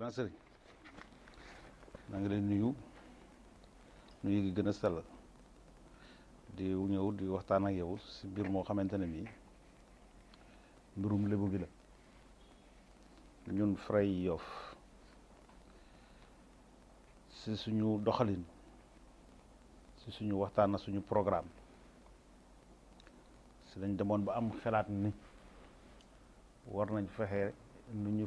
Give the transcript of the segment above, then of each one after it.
grand sëriñ maa ngi leen nuyu nuyu gi gën di ñëw di waxtaan ak yow ya, si mbir moo xamante ne mbirum lébu bi la ñun fray yof si suñu doxalin si suñu waxtaan ak suñu programme si dañ demoon ba am xalaat ni war nañ fexe nu ñu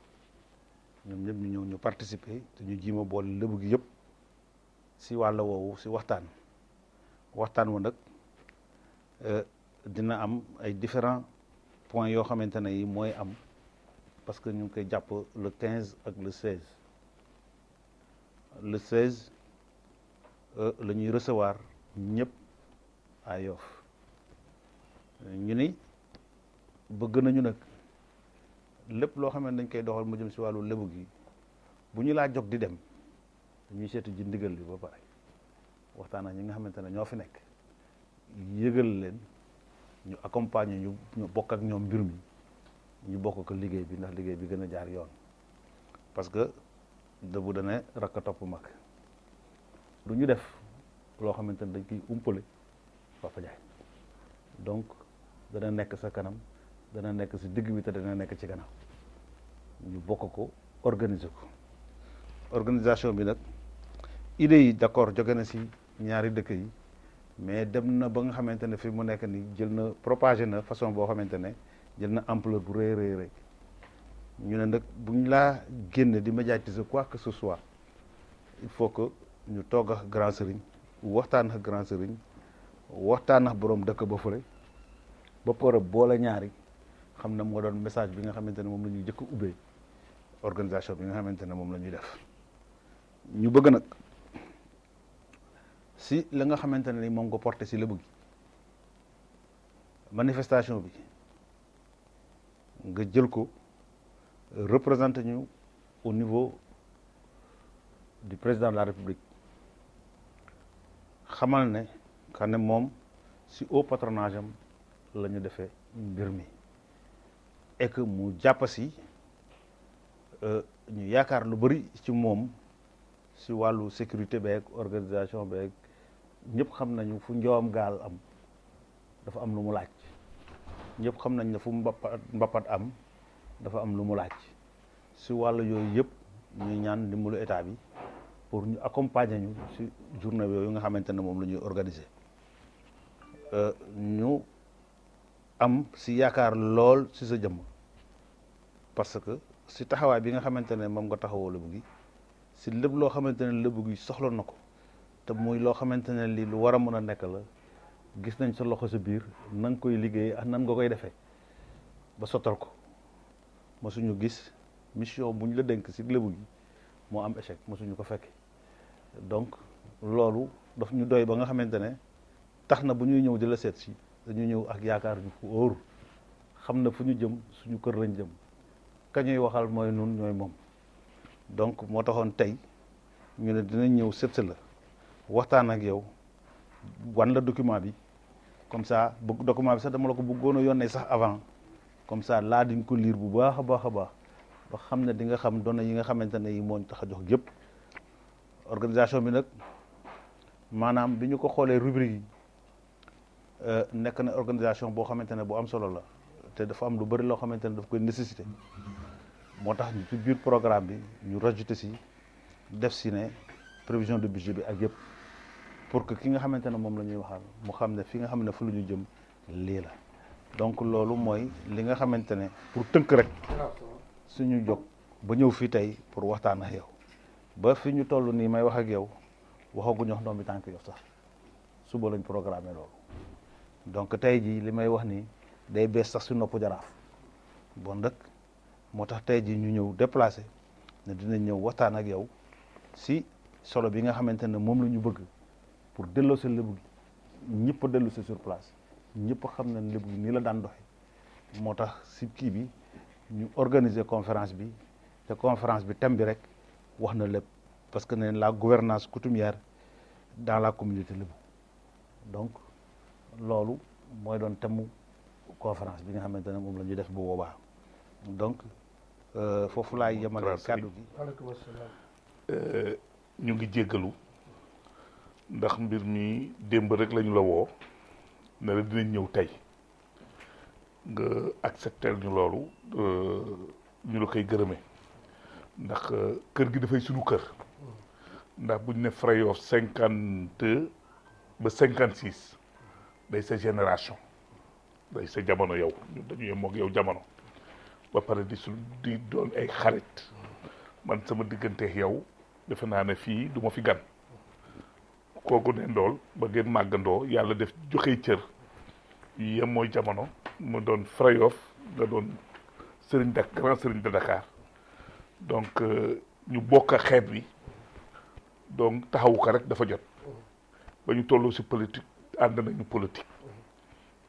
ñoom ñëpp ñu ñëw ñu participer te ñu jiima bool lébu gi yëpp si wàll woowu si waxtaan waxtaan wa nag euh, dina am ay différents point yoo xamante ne yi mooy am parce que ñu ngi koy jàpp le quinze ak le seize le seize euh, la ñuy recevoir ñëpp à Yoff euh, ñu ni bëgg nañu nag lépp loo xam dañ koy doxal mu jëm si wàllu lebu gi bu ñu laa jóg di dem dañuy seetu ji ndigal li ba pare waxtaan ñi nga xamante ne ñoo fi nekk yëgal leen ñu accompagner ñu ñu bokk ak ñoom mbir mi ñu bokk ko liggéey bi ndax liggéey bi gën a jaar yoon parce que dëbu dana rakk topp mag du ñu def loo xamante ne dañ koy umpale Papa Ndiaye donc dana nekk sa kanam dana nekk si digg bi te dana nekk ci gannaaw ñu bokk ko organiser ko organisation bi nag idée yi d' accord jóge na si ñaari dëkk yi mais dem na ba nga xamante ne fi mu nekk ni jël na propagé na façon boo xamante ne jël na ampleur bu rëy rëy rëy ñu ne nag bu ñu laa génne di médiatiser quoi que ce soit il faut que ñu togg ak grand sëriñ waxtaan ak grand sëriñ waxtaan ak borom dëkk ba fële ba pare boole ñaari xam na moo doon message bi nga xamante ne moom la jëkk ubbee organisation bi nga xamante ne moom la ñuy def ñu bëgg nag si la nga xamante ne ni moom ko porté si la bëgg manifestation bi nga jël ko représenté ñu au niveau du président de la république xamal ne xam ne moom si haut patronage am la ñu defee mbir mi et mu jàpp si euh, ñu yaakaar lu bëri ci mom si wàllu sécurité beeg organisation beeg ñëpp xam nañu fu njoom gal am dafa am lu mu nyep ñëpp xam nañ ne fu mbappat am dafa am lu mu laaj nyu wàllu yooyu yëpp ñuy ñaan dimbalu état bi pour ñu accompagner ñu si journée yooyu nga xamante ne moom la ñuy euh, ñu am si yaakaar lol si sa parce que si taxawaay bi nga xamante ne moom nga taxawoo lëbu gi si lépp loo xamante ne lëbu gi soxla na ko te muy loo xamante ne lii lu war a mën a nekk la gis nañ sa loxo sa biir na koy liggéey ak nan nga koy defee ba sottal ko mosuñu gis mission bu ñu la dénk si lëbu gi moo am échec mosuñu ko fekkee donc loolu daf ñu doy ba nga xamante ne tax na bu ñuy ñëw di la seet si dañu ñëw ak yaakaar ju wóor xam na fu ñu jëm suñu kër lañ jëm ka ñuy waxal mooy nun ñooy moom donc moo taxoon tey ñu ne dinañ ñëw sëb la waxtaan ak yow wan la document bi comme ça bu document bi sax dama la ko bugg bëggoon a yónnee sax avant comme ça laa diñ ko bu baax a baax a baax ba xam ne di nga xam doona yi nga xamante ne yi mooñ tax a jox yëpp organisation bi nag maanaam bi ñu ko xoolee rubrique yi euh, nekk na organisation boo xamante ne bu am solo la te dafa am lu bëri loo xamante ne daf koy nécessité moo tax ci biir programme bi ñu rajuté si def si ne prévision de budget bi ak yëpp pour que ki nga xamante ne moom la ñuy waxal mu xam ne fi nga xam ne fu la ñu jëm lii la donc loolu mooy li nga xamante ne pour tënk rek suñu jóg ba ñëw fii tey pour waxtaan ak yow ba fi ñu toll nii may wax ak yow waxaguñu wax ndoom mi tànk yof sax suba lañ programme loolu donc tey jii li may wax nii day bees sax si nopp jaraaf bon nag moo tax tey ji ñu ñëw déplacé ne dinañ ñëw waxtaan ak yow si solo bi nga xamante ne moom la ñu bëgg pour delloo sa lébu gi ñëpp a dellu sa sur place ñëpp xam ne lébu gi nii la daan doxe moo tax si kii bi ñu organiser conférence bi te conférence bi thème bi rek wax na lépp parce que ne la gouvernance coutumière dans la communauté lébu donc loolu mooy doon thème conférence bi nga xamantene mom lañu def bu boobaa donc euh, foofu laay yemale kàddu gi waaleykum euh ñu ngi jéggalu ndax mbir mi demb rek lañu la wo ne la dinañ ñew tay nga accepter ñu euh ñu la koy gëremé ndax euh, kër gi fay suñu kër ndax buñ né Freyoof cinquante ba 56 day sa génération day sa jamono yow ñun dañu yem ak yow jamono ba pare di su di doon ay xarit man sama digganteek yow defe naa ne fii du ma fi gan kooku ne ndool ba ngeen màggandoo yàlla def joxe cër yem mooy jamono mu doon Freyov nga doon sëriñ Dak grand Serigne donc euh, ñu bokk xeet bi donc taxawu ko rek dafa jot ba ñu tolloo si politique ànd nañu politique.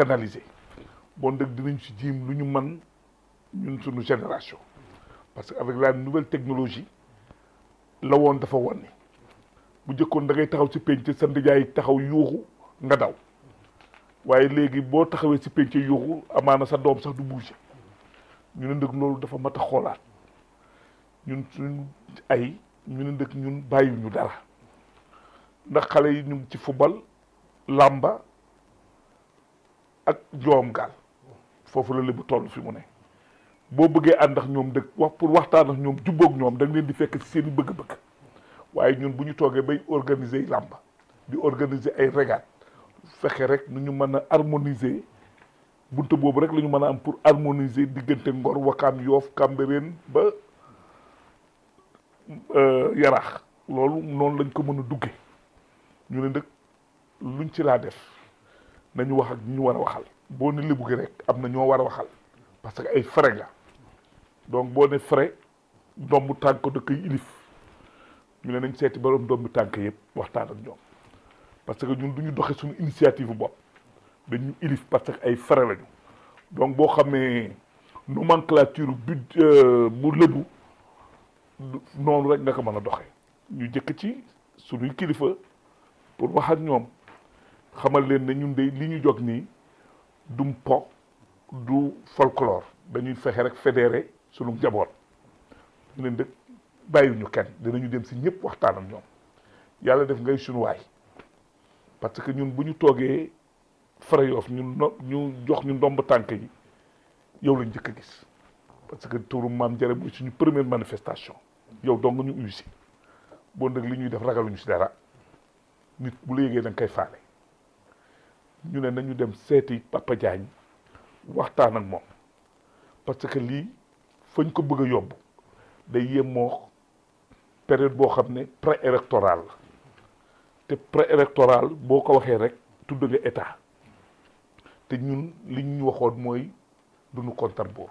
canaliser bon dëgg dinañ ci jiim lu ñu man ñun suñu génération parce que avec la nouvelle technologie la woon dafa wànni bu njëkkoon da ngay taxaw ci penc sa ndijaay taxaw yuuxu nga daw waaye léegi boo taxawee ci penc yuuxu amaana sa doom sax du bouger ñu ne ndëg loolu dafa mat a xoolaat ñun suñu ay ñu ne ndëg ñun bàyyiwuñu dara ndax xale yi ñu ngi ci football làmba ak joom gal fofu la lebu tollu fi mu ne bo beugé ànd ak ñoom dëkk wax pour waxtaan ak ñom jubboog ñom da leen di fekk ci seen bëgg-bëgg waye ñun buñu ñu bay organiser lamba di organiser ay régate fexé rek nu ñu mëna harmoniser buntu bobu rek lañu mëna am pour harmoniser digënté Ngor wakam yof Kàmbereen ba euh, yarax loolu non lañ ko mëna duggé ñu ne nag luñ ci la def nañu wax ak ñu war a waxal boo ne lébu gi rek am na ñoo war a waxal parce que ay frais la donc boo ne frais ndombu tànk da koy ilif ñu ne nañ seeti borom bu tànk yëpp waxtaan ak ñoom parce que ñun du ñu doxe suñu initiative bopp dañu ilif parce que ay frais lañu donc boo xamee nomenclature but euh, bu lëbu noonu rek nga ko mën a doxe ñu jëkk ci suñuy kilifa pour wax ak ñoom xamal leen ne ñun de li ñu jóg nii dum po du folklore dañuy fexe rek fédéré sunu njaboot ñu leen dëkk bàyyiwuñu kenn dinañu dem si ñëpp waxtaan ak ñoom yàlla def ngay sunu waay parce que ñun bu ñu toogee Fara Yoff ñu ñu jox ñu ndomb tànk yi yow lañ njëkk a gis parce que turu maam Jara mooy suñu première manifestation yow dong ñu uyu si bon li ñuy def ragaluñu si dara nit bu la yëgee da nga koy faale. ñu ne nañu dem seeti Papa Diagne waxtaan ak moom parce que lii fañ ko bëgg a yóbbu day yemoo période boo xam ne pré-électoral te pré-électoral boo ko waxee rek tudd nga état te ñun li ñu waxoon mooy duñu kontar buur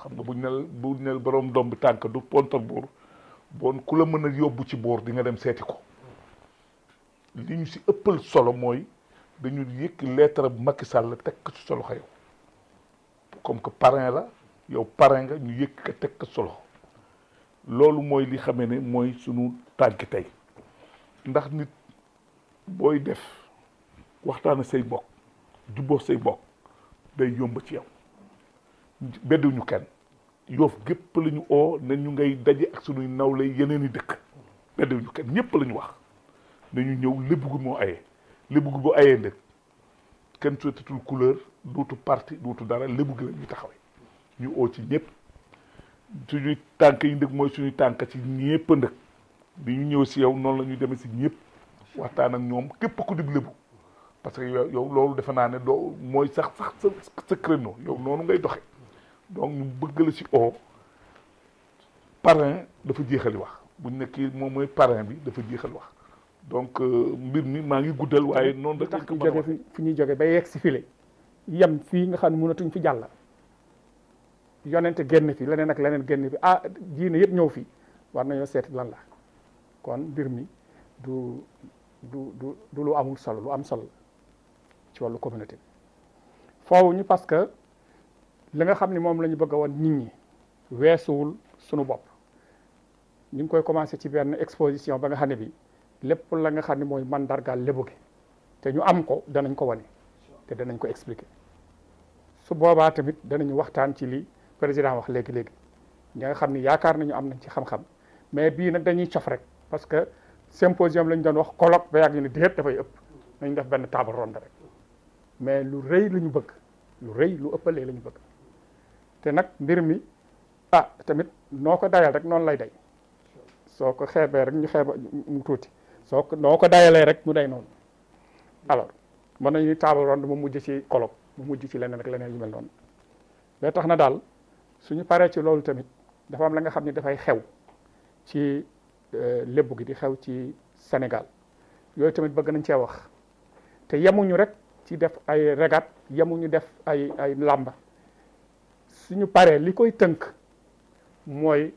xam nga buñ nel buñ nel borom doom bi tànk du kontar buur bon ku la mën a yóbbu ci buur di nga dem seeti ko li ñu si ëppal solo mooy dañu yëkk lettre bu Macky Sall teg ko ci solo yow comme que parrain la yow parrain nga ñu yëkk ko teg ko solo loolu mooy li xamee ni mooy sunu tànk tey ndax nit booy def waxtaan say mbokk jubboo say bokk day yomb ci yow bedduñu kenn yoof gépp la ñu oo ne ñu ngay daje ak sunuy nawle yeneen i dëkk bedduñu kenn ñëpp la ñu wax nañu ñëw lépp gu moo aye lébu gi bu ayee ndëg kenn suetatul couleur duutu parti duutu dara lébu gi la ñuy ñu oo ci ñëpp suñuy tànk yi ndëg mooy suñuy tànk ci ñëpp ndëg bi ñu ñëw si yow noonu la ñuy demee si ñëpp waxtaan ak ñoom képp ku dib lébu parce que yow loolu defe naa ne doo mooy sax sax sa sa yow noonu ngay doxe donc ñu bëgg la si oo parrain dafa jeexali wax buñ nekki moom mooy parrain bi dafa jeexal wax donc euh, mbir mi maa ngi guddal waaye noonu la. fi fu ñuy joge ba yegg si file yem fii nga xam ne mënatuñ fi jàll. yonente génn fi leneen ak leneen génn fi ah diine yëpp ñëw fi war nañoo seeti lan la kon mbir mi du du du lu amul solo lu am solo ci wàllu communauté bi. foofu ñu parce que li nga xam ni moom la ñu bëgg a woon nit ñi weesuwul sunu bopp ñu ngi koy commencé ci benn exposition ba nga xam ne bi lépp la nga xam ni mooy mandarga lébu ki te ñu am ko danañ ko wane te danañ ko expliquer su boobaa tamit danañu waxtaan ci li président wax léegi-léegi ñi nga xam ne yaakaar nañu am nañ ci xam-xam mais bii nag dañuy cof rek parce que symposium lañ doon wax colloque ba yàgg ñu ne déet dafay ëpp nañ def benn table ronde rek mais lu rëy lu ñu bëgg lu rëy lu ëppalee la ñu bëgg te nag mbir mi ah tamit noo ko dayal rek noonu lay day soo ko xeebee rek ñu xeeba mu tuuti soo ko noo ko dayalee rek mu day noonu alors mën nañu table ronde mu mujj ci colloque mu mujj ci leneen ak leneen yu mel noonu ba tax na daal suñu paree ci loolu tamit dafa am la nga xam ne dafay xew ci euh, lébu gi di xew ci Sénégal yooyu tamit bëgg nañ cee wax te yemuñu rek ci def ay regat yemuñu def ay ay làmba suñu paree li koy tënk mooy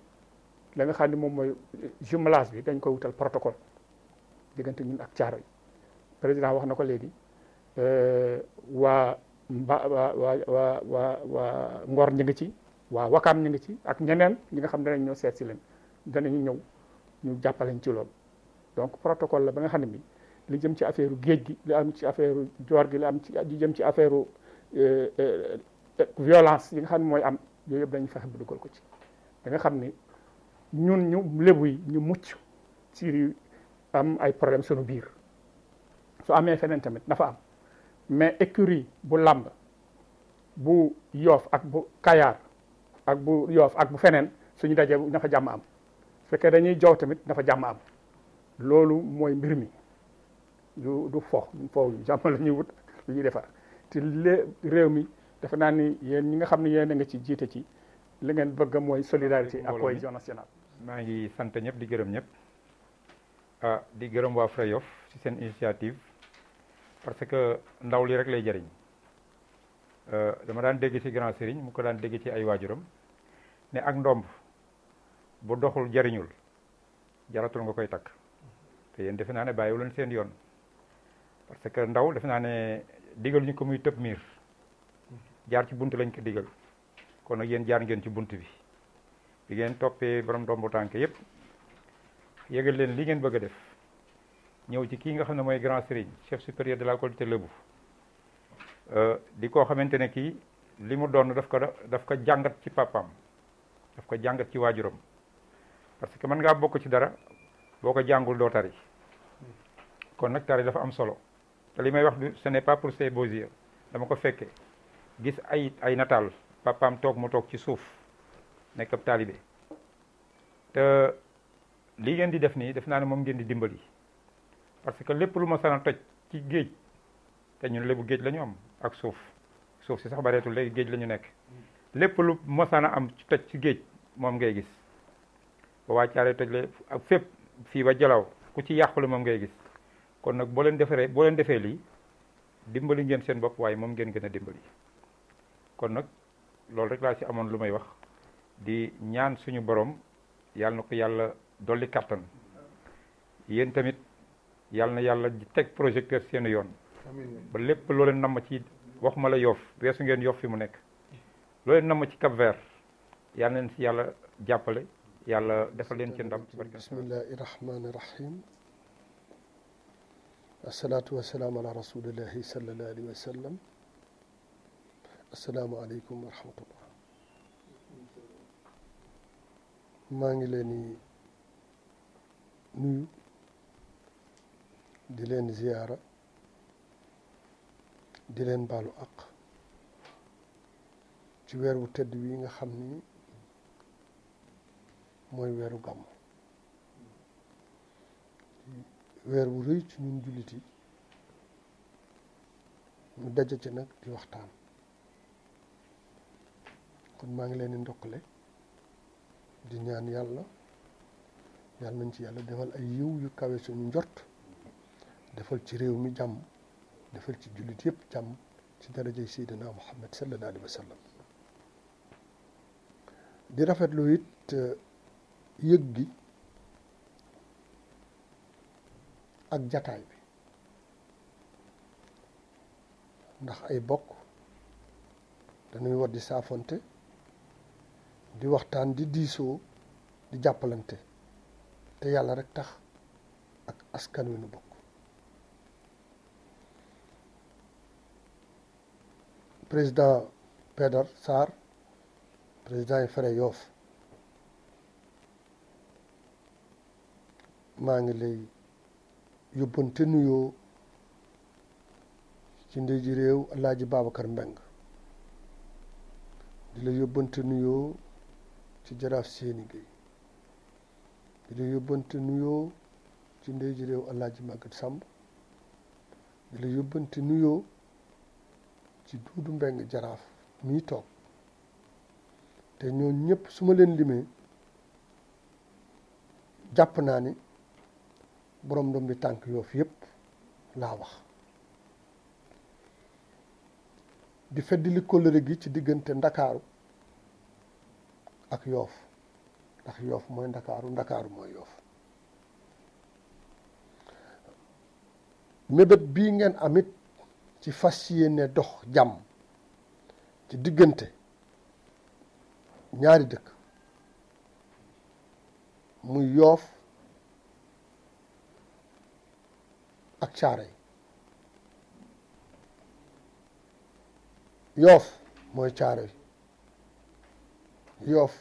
la nga xam ni moom mooy jumelage bi dañ koy wutal protocole diggante ñun ak Caaroy président wax na ko léegi euh, waa mba waa waa waa waa Ngor ñu ngi ci waa Wakaam ñu ngi ci ak ñeneen ñi nga xam ne danañ ñoo seet si leen danañu ñëw ñu jàppaleñ ci loolu donc protocole la ba nga xam ne bi li jëm ci affaire géej gi li am ci affaire joor gi li am ci li jëm ci affaire euh, euh, violence yi nga xam ne mooy am yooyu yëpp dañu fexe bu dugal ko ci da nga xam ne ñun ñu lébu yi ñu mucc ci am ay problème sunu biir su amee feneen tamit dafa am mais écurie bu lamb bu yoof ak bu kayaar ak bu yoof ak bu feneen suñu dajee na fa jàmm am su fekkee dañuy jow tamit na fa jàmm am loolu mooy mbir mi du du fo fo jàmm la ñuy wut lu ñuy defar te lé réew mi dafa naa ni yéen ñi nga xam ne yéen a nga ci jiite ci li ngeen bëgg mooy solidarité ak cohésion nationale maa ngi sant ñëpp di gërëm ñëpp ah di gërëm waa Freyof ci seen initiative parce que ndaw li rek lay jëriñ ah, dama daan dégg ci grand sëriñ mu ko daan dégg ci ay waajuram ne ak ndomb bu doxul jëriñul jaratul nga koy takk te yéen defe naa ne bàyyiwu leen seen yoon parce que ndaw defe naa ne digal ñu ko muy tëb miir jaar ci bunt lañ ko digal kon nag yéen jaar ngeen ci bunt bi bi ngeen toppee borom ndombu tànk yépp yëgal leen li ngeen bëgg a def ñëw ci kii nga xam ne mooy grand serigne chef supérieur de la collectivité euh, di koo xamante ne kii li mu doon daf ko daf ko jàngat ci papaam daf ko jàngat ci waajuram parce que mën ngaa bokk ci dara boo ko jàngul doo tari kon nag tari dafa am solo te li may wax du ce n'est pas pour ses beaux dama ko fekke gis ay ay nataal papam toog mu toog ci suuf nekk ab taalibe li ngeen di def nii def naa ne moom ngeen di dimbali parce que lépp lu ma a toj ci géej te ñun lébu géej la am ak suuf suuf si sax bareetul léegi géej lañu nekk lépp lu mosaan a am ci toj ci géej moom ngay gis ba waa caare toj le ak fépp fii ba jalaw ku ci yàqule moom ngay gis kon nag boo leen defaree boo leen defee lii dimbali ngeen seen bopp waaye moom ngeen gën a dimbali kon nag loolu rek laa ci amoon lu may wax di ñaan suñu boroom yàlla na ko yàlla dolli kàttan yéen tamit yàlla na yàlla teg projecteur seen yoon ba lépp loo leen ci wax ma la yof weesu ngeen yof fi mu nekk loo leen ci Cap Vert yàlla na leen si yàlla jàppale yàlla defal leen ci ndam bismillahi rahmani rahim asalaatu wasalaam ala rasulillahi sallallahu alayhi wa sallam asalaamaaleykum maa ngi leen nuyu di leen ziyaara di leen baalu àq ci weer wu tëdd wi nga xam ni mooy weeru gàmm weer wu rëy ci ñun jullit yi ñu daje ci nag di waxtaan kon maa ngi leen di ndokkale di ñaan yàlla yàlla nañ ci yàlla defal ay yiw yu kawe suñu njort defal ci réew mi jàmm defal ci jullit yëpp jàmm ci darajay Seydina Muhammad sallallahu alayhi wa sallam di rafetlu it uh, yëg gi ak jataay bi ndax ay bokk dañuy war di saafonte di waxtaan di diisoo di jàppalante te yàlla rekk tax ak askan wi nu bokk président Pedor Sarr président yi fere Yoff maa ngi lay yóbbante nuyoo ci ndey ji réew Alaaji Babacar Mbeng di la yóbbante nuyoo ci jaraaf seeni Géey di la yóbbante nuyoo ci ndey ji réew Alaaji Maguette Samb di la yóbbante nuyoo ci Duudu Mbeng Jaraaf mii toog te ñoo ñëpp suma leen limee jàpp naa ni boroom doom bi tànk yoof yépp laa wax di fedd li kóllëre gi ci diggante ndakaaru ak yoof ndax yoof mooy ndakaaru ndakaaru mooy yoof mébét bii ngeen amit ci fas yéene dox jàmm ci diggante ñaari dëkk muy yoof ak caaray yoof mooy caaray yoof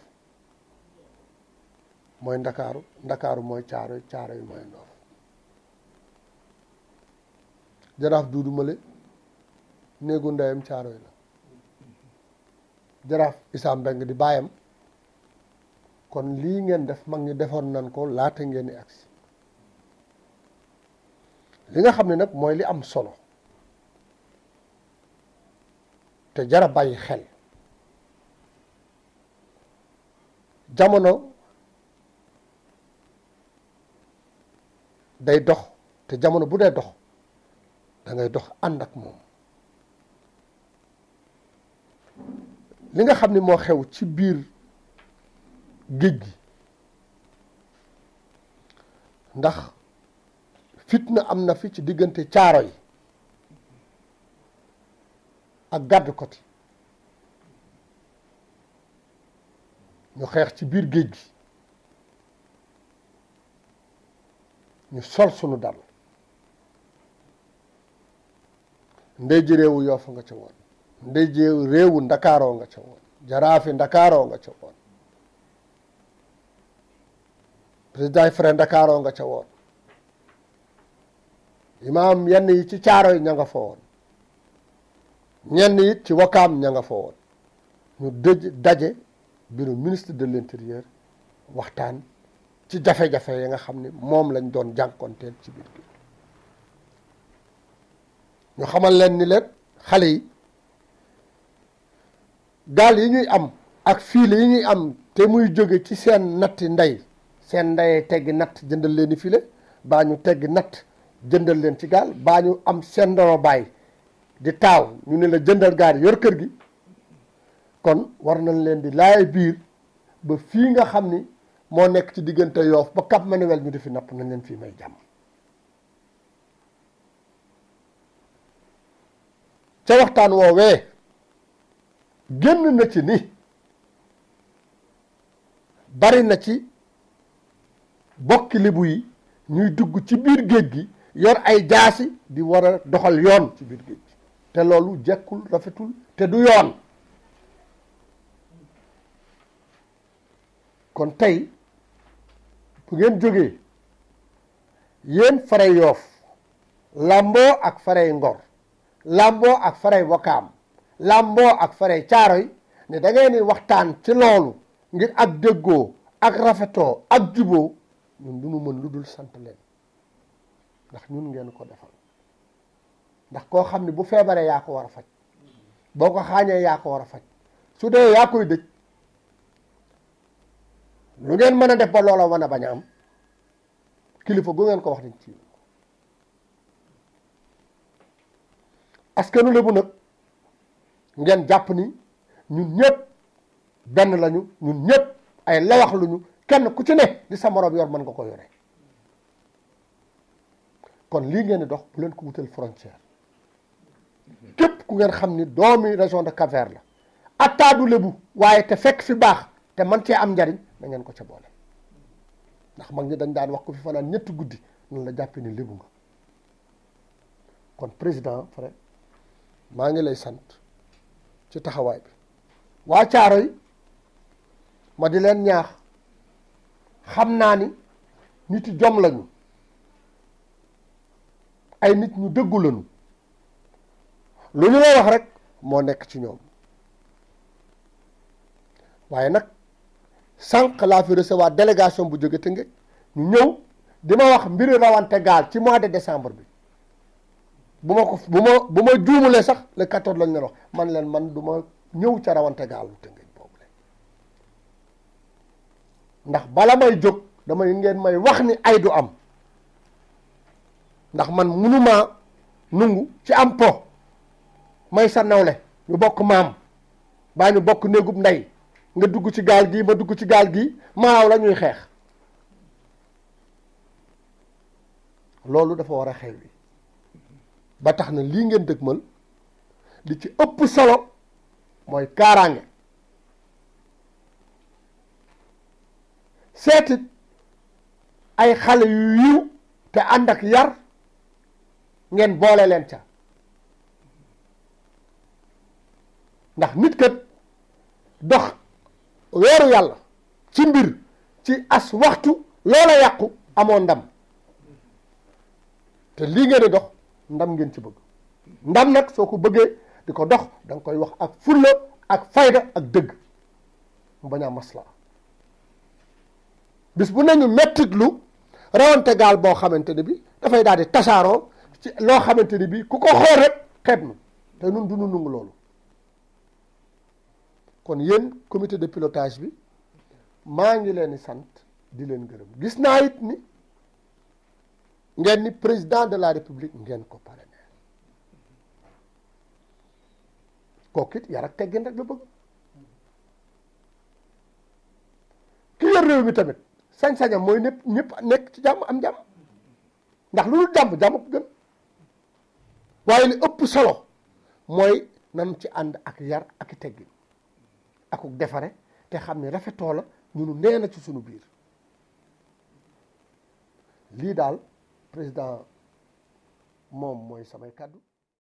mooy ndakaaru ndakaaru mooy caaro caaroy mooy ndoof jaraaf duudu male néegu ndeyam yi la jaraaf Issa Mbeng di baayam kon lii ngeen def mag ñi defoon nan ko laata ngeen di agsi li nga xam ne nag mooy li am solo te jara bàyyi xel jamono day dox te jamono bu dee dox dangay dox ànd ak moom li nga xam ni moo xew ci biir géej gi ndax fit na am na fi ci diggante caaro yi ak gàddukoti ñu xeex ci biir géej gi ñu sol sunu dal ndey ji réewu Yoff nga ca woon ndey ji réewu Ndakaaroo nga ca woon jaraafi Ndakaaroo nga ca woon président yi frais Ndakaaroo nga ca woon imaam yenn yi ci caaro yi fa woon ñenn it ci wakaam ña nga fa woon ñu dëj daje bureau ministre de l'intérieur waxtaan ci jafe-jafe yi nga xam ni moom lañ doon jànkonteel ci biir géej ñu xamal leen ni leen xale yi gaal yi ñuy am ak fiile yi ñuy am te muy jóge ci seen natti ndey seen ndeyee teggi natt jëndal leen i fiile baa ñu teggi natt jëndal leen ci gaal baa ñu am seen ndoro baay di taaw ñu ne la jëndal gaal yor kër gi kon war nañ leen di laay biir ba fii nga xam ni mo nek ci digënté yoof ba Cap Manuel ñu di fi napp nañ leen fi may jàmm ci waxtaan woowé genn na ci ni bari na ci bokki libu yi ñuy dugg ci biir géej gi yor ay jaasi di war a doxal yoon ci biir géej gi te loolu jekkul rafetul te du yoon kon tey bu ngeen jógee yéen faray yoof làmboo ak faray ngor làmboo ak faray wakaam làmboo ak faray caaroy ne da ngeen di waxtaan ci loolu ngir ak déggoo ak rafetoo ak juboo ñun du nu mën lu dul sant leen ndax ñun ngeen ko defal ndax koo xam ne bu feebaree yaa ko war a faj boo ko xaañee yaa ko war a faj su dee yaa koy dëj lu ngeen mën a def ba loola wan a bañ am kilifa gu ngeen ko wax dañ ci askanu Lebu nag ngeen jàpp ni ñun ñëpp benn lañu ñun ñëpp ay lawax luñu kenn ku ci ne di sa morom yor mën nga ko yore kon lii ngeen di dox bu leen ko wutal frontière képp ku ngeen xam ni doomi région de Cap-Vert la attaadu Lebu waaye te fekk fi baax te man cee am njariñ dangeen ko ca boole ndax mag ñi dañ daan wax ko fi fanaan ñetti guddi noonu la jàppee ni lébu nga kon président frère maa ngi lay sant ci taxawaay bi waa Caaroy ma di leen ñaax xam naa ni nit yi jom lañu ay nit ñu dëggu lañu lu ñu lay wax rek moo nekk ci ñoom waaye nag sànq laa fi recevoir délégation bu jóge Tëngéej ñu ñëw di ma wax mbiri rawante gaal ci mois de décembre bi bu ma ko bu ma bu ma juumulee sax le 14 lañ leen man leen man du ma ñëw ca rawante gaalu Tëngéej boobu la ndax bala may jóg damay ngeen may wax ni ay du am ndax man munumaa nungu ci am po may sa nawle ñu bokk maam baa ñu bokk néegub ndey nga dugg ci gaal gi ma dugg ci gaal gi maaw lañuy ñuy xeex loolu dafa war a xew ba tax na lii ngeen dëgmal li ci ëpp solo mooy kaaraange seetit ay xale yu yiw te ànd ak yar ngeen boole leen ca ndax nit kat dox weeru yàlla ci mbir ci as waxtu loola yàqu amoo ndam te lii ngeen di dox ndam ngeen ci bëgg ndam nag soo ko bëggee di ko dox danga koy wax ak fulla ak fayda ak dëgg mu bañ a bis bu nañu mettit lu rawante gaal boo xamante ne bi dafay daal tasaaroo ci loo xamante ni bi ku ko xool rek xeeb nu te nun du nu loolu kon yen comité de pilotage bi maa ngi leen sant di leen gërëm gis naa it ni ngeen ni président de la république ngeen ko parrainé kooku it yar ak teggin rek la bëgg ki yor réew mi tamit sañ-sañam mooy nepp ñëpp nekk ci jàmm am jàmm ndax lu dul jàmm jàmm ko gën waaye li ëpp solo mooy nan ci ànd ak yar ak teggin akuk defare te xam ne rafetoo la ñunu nee na ci sunu biir lii daal président moom mooy samay kàddu